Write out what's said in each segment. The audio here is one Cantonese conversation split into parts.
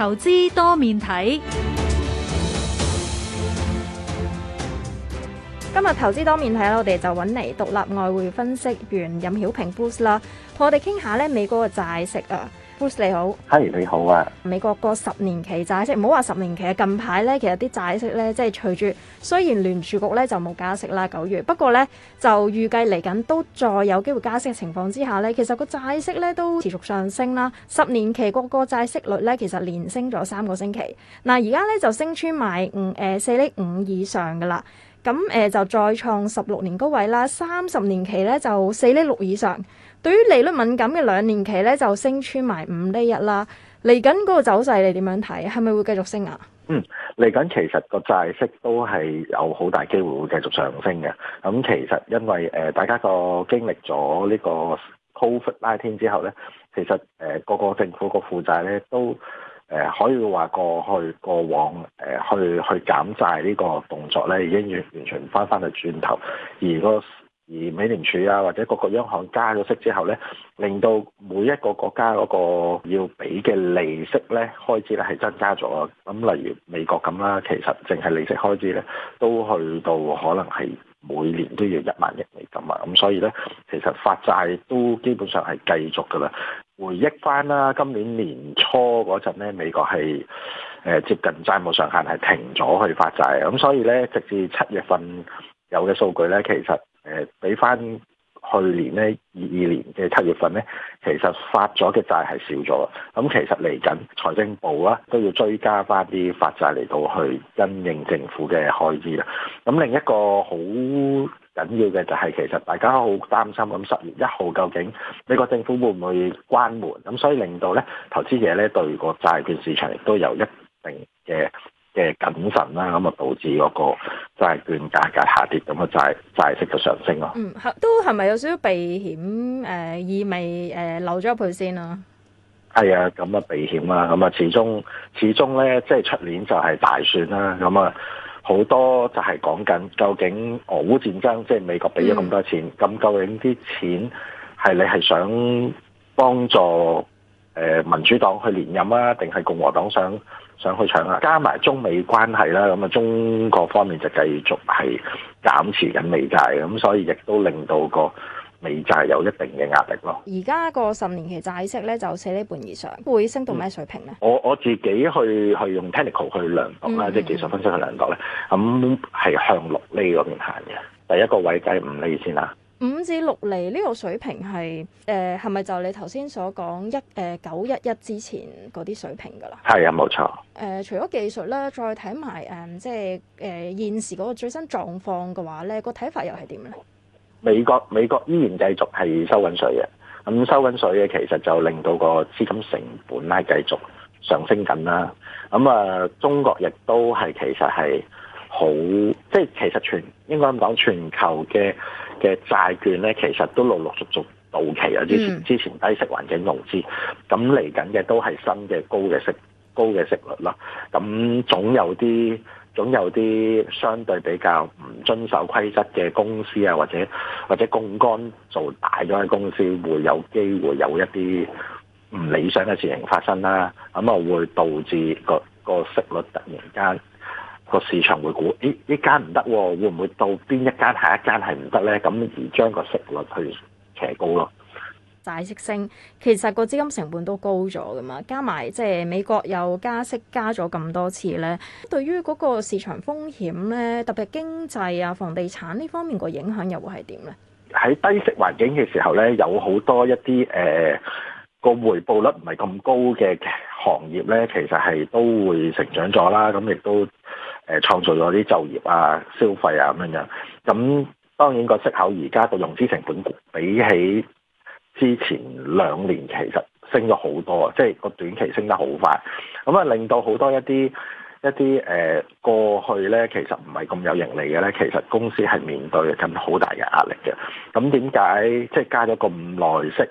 投資多面睇，今日投資多面睇啦，我哋就揾嚟獨立外匯分析員任曉平 boost 啦，同我哋傾下呢美國嘅債息啊。Bruce, 你好，係你好啊！美國個十年期債息，唔好話十年期啊，近排咧，其實啲債息咧，即係隨住雖然聯儲局咧就冇加息啦，九月，不過咧就預計嚟緊都再有機會加息嘅情況之下咧，其實個債息咧都持續上升啦。十年期個個債息率咧，其實連升咗三個星期，嗱，而家咧就升穿埋五誒四厘五以上噶啦。咁誒、呃、就再創十六年高位啦，三十年期咧就四厘六以上，對於利率敏感嘅兩年期咧就升穿埋五厘一啦。嚟緊嗰個走勢你點樣睇？係咪會繼續升啊？嗯，嚟緊其實個債息都係有好大機會會繼續上升嘅。咁、嗯、其實因為誒、呃、大家經歷個經歷咗呢個 Covid nineteen 之後咧，其實誒個、呃、個政府個負債咧都。誒、呃、可以話過去過往誒、呃、去去減債呢個動作咧已經完完全翻返去轉頭，而、那個而美聯儲啊或者各個央行加咗息之後咧，令到每一個國家嗰個要俾嘅利息咧開支咧係增加咗，咁例如美國咁啦，其實淨係利息開支咧都去到可能係每年都要一萬億美金啊！咁所以咧，其實發債都基本上係繼續㗎啦。回憶翻啦，今年年初嗰陣咧，美國係誒接近債務上限係停咗去發債，咁所以咧直至七月份有嘅數據咧，其實誒比翻去年咧二二年嘅七月份咧，其實發咗嘅債係少咗，咁其實嚟緊財政部啦，都要追加翻啲發債嚟到去因應政府嘅開支啦，咁另一個好緊要嘅就係其實大家好擔心咁，十月一號究竟美國政府會唔會關門？咁所以令到咧投資者咧對個債券市場亦都有一定嘅嘅謹慎啦。咁啊，導致嗰個債券價格下跌，咁啊債債息就上升咯。嗯，都係咪有少少避險？誒、呃、意味誒漏咗一倍先咯。係啊，咁啊就避險啊。咁啊，始終始終咧，即係出年就係大選啦。咁啊～好多就係講緊究竟俄烏戰爭，即係美國俾咗咁多錢，咁、嗯、究竟啲錢係你係想幫助誒民主黨去連任啊，定係共和黨想想去搶啊？加埋中美關係啦，咁啊中國方面就繼續係減持緊美債，咁所以亦都令到個。美債有一定嘅壓力咯，而家個十年期債息咧就四厘半以上，會升到咩水平咧、嗯？我我自己去去用 technical 去量度啦，嗯嗯即係技術分析去量度咧，咁、嗯、係向六厘嗰邊行嘅。第一個位計五厘先啦，五至六厘呢個水平係誒係咪就你頭先所講一誒九一一之前嗰啲水平㗎啦？係啊，冇錯。誒、呃，除咗技術咧，再睇埋誒即係誒、呃、現時嗰個最新狀況嘅話咧，個睇法又係點咧？美國美國依然繼續係收緊水嘅，咁、嗯、收緊水嘅其實就令到個資金成本係繼續上升緊啦。咁、嗯、啊，中國亦都係其實係好，即係其實全應該咁講，全球嘅嘅債券咧，其實都陸陸續續到期啊。之前之前低息環境融資，咁嚟緊嘅都係新嘅高嘅息高嘅息率啦。咁、嗯、總有啲。總有啲相對比較唔遵守規則嘅公司啊，或者或者槓桿做大咗嘅公司，會有機會有一啲唔理想嘅事情發生啦。咁啊，會導致個個息率突然間個市場會估，咦，呢間唔得、啊，會唔會到邊一間下一間係唔得咧？咁而將個息率去斜高咯。債息升，其實個資金成本都高咗噶嘛，加埋即係美國又加息加咗咁多次咧。對於嗰個市場風險咧，特別經濟啊、房地產呢方面個影響又會係點咧？喺低息環境嘅時候咧，有好多一啲誒個回報率唔係咁高嘅行業咧，其實，係都會成長咗啦。咁亦都誒創造咗啲就業啊、消費啊咁樣樣，咁當然個息口而家個融資成本比起之前兩年其實升咗好多啊，即係個短期升得好快，咁啊令到好多一啲一啲誒、呃、過去咧，其實唔係咁有盈利嘅咧，其實公司係面對緊好大嘅壓力嘅。咁點解即係加咗咁耐息，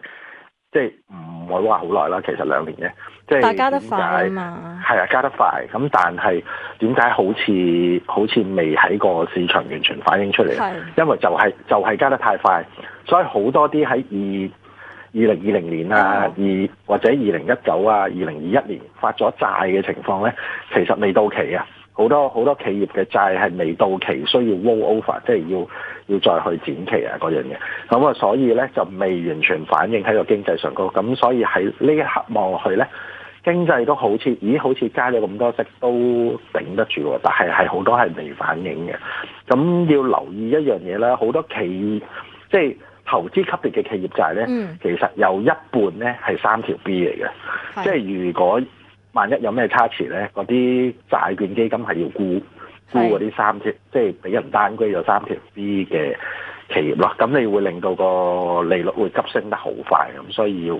即係唔會話好耐啦，其實兩年啫，即係加得快啊嘛，係啊加得快，咁但係點解好似好似未喺個市場完全反映出嚟？是因為就係、是、就係、是、加得太快，所以好多啲喺二二零二零年啊，二或者二零一九啊，二零二一年發咗債嘅情況咧，其實未到期啊，好多好多企業嘅債係未到期，需要 rollover，即係要要再去展期啊嗰樣嘢。咁、嗯、啊，所以咧就未完全反映喺個經濟上高。咁、嗯、所以喺呢一刻望落去咧，經濟都好似咦好似加咗咁多息都頂得住喎、啊。但係係好多係未反映嘅。咁、嗯、要留意一樣嘢咧，好多企即係。投資級別嘅企業債咧，嗯、其實有一半咧係三條 B 嚟嘅，是即係如果萬一有咩差池咧，嗰啲債券基金係要沽沽嗰啲三條，是即係俾人單居咗三條 B 嘅企業啦，咁你會令到個利率會急升得好快咁，所以要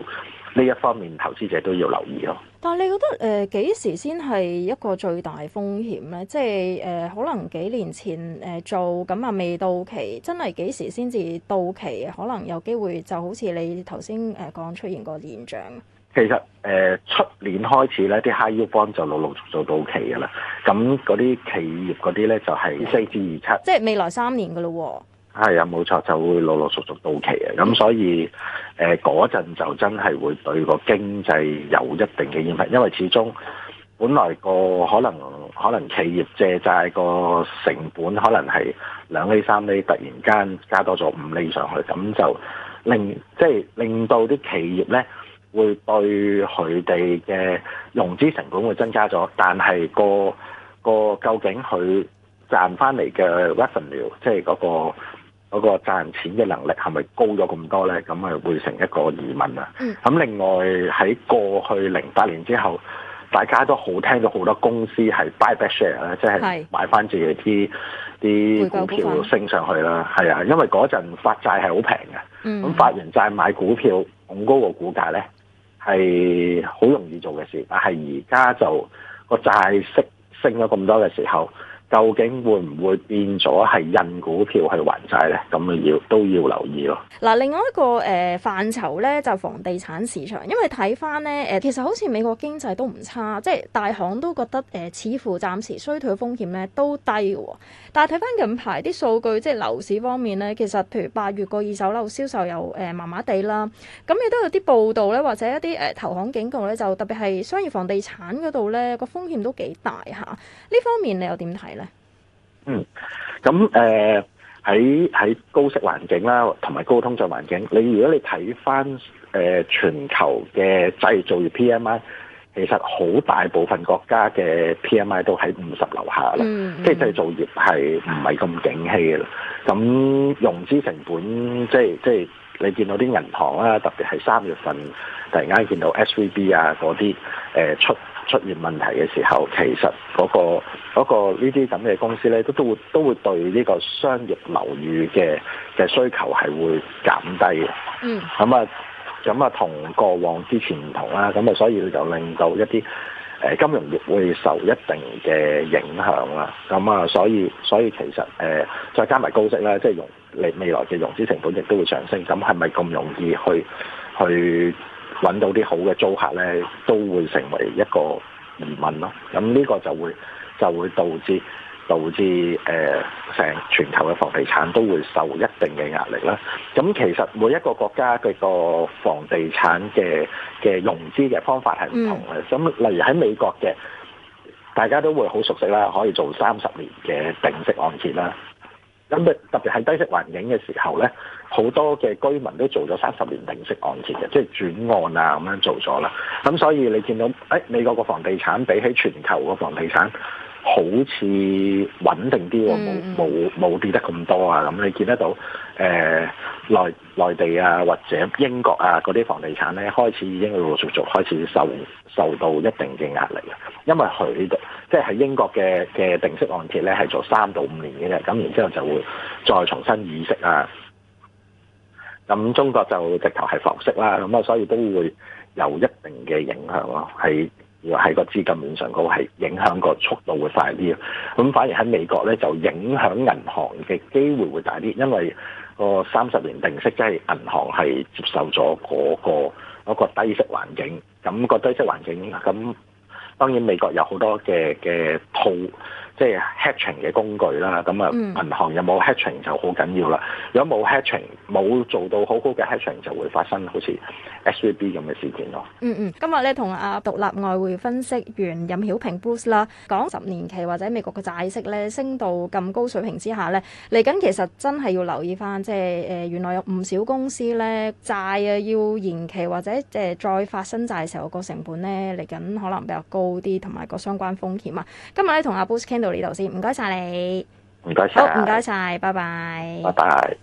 呢一方面投資者都要留意咯。但係你覺得誒幾時先係一個最大風險咧？即係誒可能幾年前誒做咁啊未到期，真係幾時先至到期？可能有機會就好似你頭先誒講出現個現象。其實誒出年開始咧，啲 high yield bond 就陸陸續續到期㗎啦。咁嗰啲企業嗰啲咧就係四至二七，即係未來三年㗎咯。係啊，冇錯，就會陸陸續續到期嘅，咁所以誒嗰陣就真係會對個經濟有一定嘅影響，因為始終本來個可能可能企業借債個成本可能係兩厘三厘，突然間加多咗五厘上去，咁就令即係、就是、令到啲企業咧會對佢哋嘅融資成本會增加咗，但係個個究竟佢賺翻嚟嘅 revenue 即係嗰、那個。嗰個賺錢嘅能力係咪高咗咁多咧？咁咪會成一個疑問啊。咁、嗯、另外喺過去零八年之後，大家都好聽到好多公司係 buy back share 即係買翻自己啲啲股票升上去啦。係啊，因為嗰陣發債係好平嘅，咁、嗯、發完債買股票咁高個股價咧，係好容易做嘅事。但係而家就、個債息升咗咁多嘅時候。究竟會唔會變咗係印股票去還債呢？咁啊要都要留意咯。嗱，另外一個誒、呃、範疇呢，就房地產市場，因為睇翻呢，誒，其實好似美國經濟都唔差，即係大行都覺得誒、呃、似乎暫時衰退風險呢都低喎。但係睇翻近排啲數據，即係樓市方面呢，其實譬如八月個二手樓銷售,銷售又誒麻麻地啦。咁亦都有啲報道呢，或者一啲誒投行警告呢，就特別係商業房地產嗰度呢，個風險都幾大嚇。呢方面你又點睇？嗯，咁誒喺喺高息環境啦，同埋高通脹環境，你如果你睇翻誒全球嘅製造業 PMI，其實好大部分國家嘅 PMI 都喺五十樓下啦，嗯嗯，即係製造業係唔係咁景氣嘅啦。咁融資成本即係即係你見到啲銀行啦，特別係三月份突然間見到 SVB 啊嗰啲誒出。出現問題嘅時候，其實嗰個嗰個呢啲咁嘅公司咧，都都會都會對呢個商業樓宇嘅嘅需求係會減低嘅。嗯。咁啊，咁啊，同過往之前唔同啦。咁啊，所以就令到一啲誒、呃、金融業會受一定嘅影響啦。咁啊，所以所以其實誒、呃，再加埋高息咧，即係融你未來嘅融資成本亦都會上升。咁係咪咁容易去去？搵到啲好嘅租客咧，都會成為一個疑問咯。咁、這、呢個就會就會導致導致誒成、呃、全球嘅房地產都會受一定嘅壓力啦。咁其實每一個國家嘅個房地產嘅嘅融資嘅方法係唔同嘅。咁例如喺美國嘅，大家都會好熟悉啦，可以做三十年嘅定息按揭啦。咁特別係低息環境嘅時候咧，好多嘅居民都做咗三十年定息按揭嘅，即係轉按啊咁樣做咗啦。咁所以你見到，誒、哎、美國個房地產比起全球個房地產，好似穩定啲喎，冇冇、嗯、跌得咁多啊！咁你見得到誒內內地啊，或者英國啊嗰啲房地產咧，開始已經陸陸續續開始受受到一定嘅壓力啊！因為佢嘅即係喺英國嘅嘅定息按揭咧，係做三到五年嘅啫，咁然之後就會再重新議息啊。咁中國就直頭係浮息啦，咁啊，所以都會有一定嘅影響咯，係。要喺個資金面上嗰個係影響個速度會快啲啊，咁反而喺美國咧就影響銀行嘅機會會大啲，因為個三十年定息即係、即係、銀行係接受咗嗰、嗰個嗰個低息環境，咁、嗰個低息環境咁當然美國有好多嘅嘅套。即係 hedging 嘅工具啦，咁啊銀行有冇 hedging 就好緊要啦。Mm. 如果冇 hedging，冇做到好好嘅 hedging 就會發生好似 SVB 咁嘅事件咯。嗯嗯，今日咧同阿獨立外匯分析員任曉平 Bruce 啦，講十年期或者美國嘅債息咧升到咁高水平之下咧，嚟緊其實真係要留意翻，即係誒原來有唔少公司咧債啊要延期或者誒再發新債嘅時候個成本咧嚟緊可能比較高啲，同埋個相關風險啊。今日咧同阿 Bruce 到呢度先，唔該晒，你，唔該晒，好，唔該晒，拜拜，拜拜。